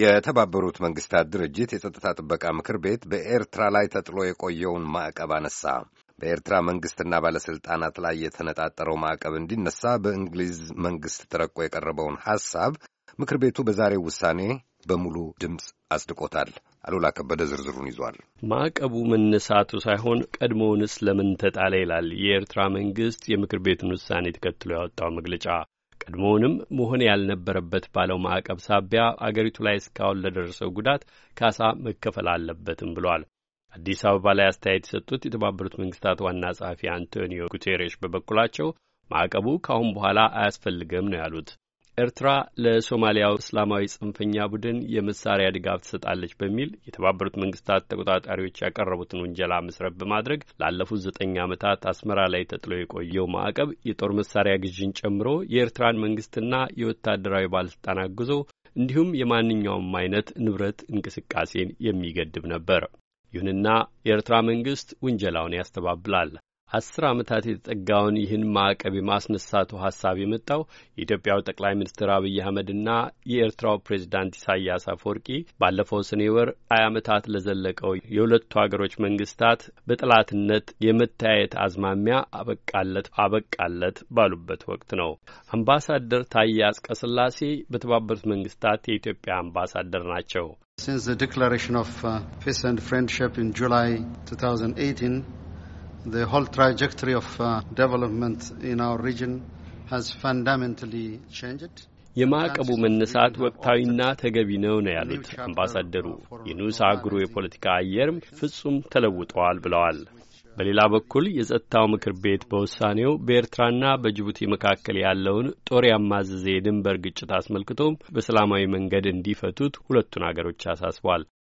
የተባበሩት መንግስታት ድርጅት የጸጥታ ጥበቃ ምክር ቤት በኤርትራ ላይ ተጥሎ የቆየውን ማዕቀብ አነሳ። በኤርትራ መንግስትና ባለሥልጣናት ላይ የተነጣጠረው ማዕቀብ እንዲነሳ በእንግሊዝ መንግስት ተረቆ የቀረበውን ሐሳብ ምክር ቤቱ በዛሬው ውሳኔ በሙሉ ድምፅ አጽድቆታል። አሉላ ከበደ ዝርዝሩን ይዟል። ማዕቀቡ መነሳቱ ሳይሆን ቀድሞውንስ ለምን ተጣለ ይላል የኤርትራ መንግስት የምክር ቤቱን ውሳኔ ተከትሎ ያወጣው መግለጫ። ቀድሞውንም መሆን ያልነበረበት ባለው ማዕቀብ ሳቢያ አገሪቱ ላይ እስካሁን ለደረሰው ጉዳት ካሳ መከፈል አለበትም ብሏል። አዲስ አበባ ላይ አስተያየት የሰጡት የተባበሩት መንግስታት ዋና ጸሐፊ አንቶኒዮ ጉቴሬሽ በበኩላቸው ማዕቀቡ ከአሁን በኋላ አያስፈልግም ነው ያሉት። ኤርትራ ለሶማሊያው እስላማዊ ጽንፈኛ ቡድን የመሳሪያ ድጋፍ ትሰጣለች በሚል የተባበሩት መንግስታት ተቆጣጣሪዎች ያቀረቡትን ውንጀላ መሰረት በማድረግ ላለፉት ዘጠኝ ዓመታት አስመራ ላይ ተጥሎ የቆየው ማዕቀብ የጦር መሳሪያ ግዥን ጨምሮ የኤርትራን መንግስትና የወታደራዊ ባለስልጣናት ጉዞ እንዲሁም የማንኛውም አይነት ንብረት እንቅስቃሴን የሚገድብ ነበር። ይሁንና የኤርትራ መንግስት ውንጀላውን ያስተባብላል። አስር ዓመታት የተጠጋውን ይህን ማዕቀብ የማስነሳቱ ሀሳብ የመጣው የኢትዮጵያው ጠቅላይ ሚኒስትር አብይ አህመድና የኤርትራው ፕሬዚዳንት ኢሳያስ አፈወርቂ ባለፈው ሰኔ ወር ሃያ ዓመታት ለዘለቀው የሁለቱ አገሮች መንግስታት በጠላትነት የመተያየት አዝማሚያ አበቃለት አበቃለት ባሉበት ወቅት ነው። አምባሳደር ታዬ አጽቀሥላሴ በተባበሩት መንግስታት የኢትዮጵያ አምባሳደር ናቸው። Since the declaration of uh, peace and friendship in July 2018, The whole trajectory of uh, development in our region has fundamentally changed. የማዕቀቡ መነሳት ወቅታዊና ተገቢ ነው ነው ያሉት አምባሳደሩ። የንዑስ አህጉሩ የፖለቲካ አየርም ፍጹም ተለውጠዋል ብለዋል። በሌላ በኩል የጸጥታው ምክር ቤት በውሳኔው በኤርትራና በጅቡቲ መካከል ያለውን ጦር ያማዘዘ የድንበር ግጭት አስመልክቶም በሰላማዊ መንገድ እንዲፈቱት ሁለቱን አገሮች አሳስቧል።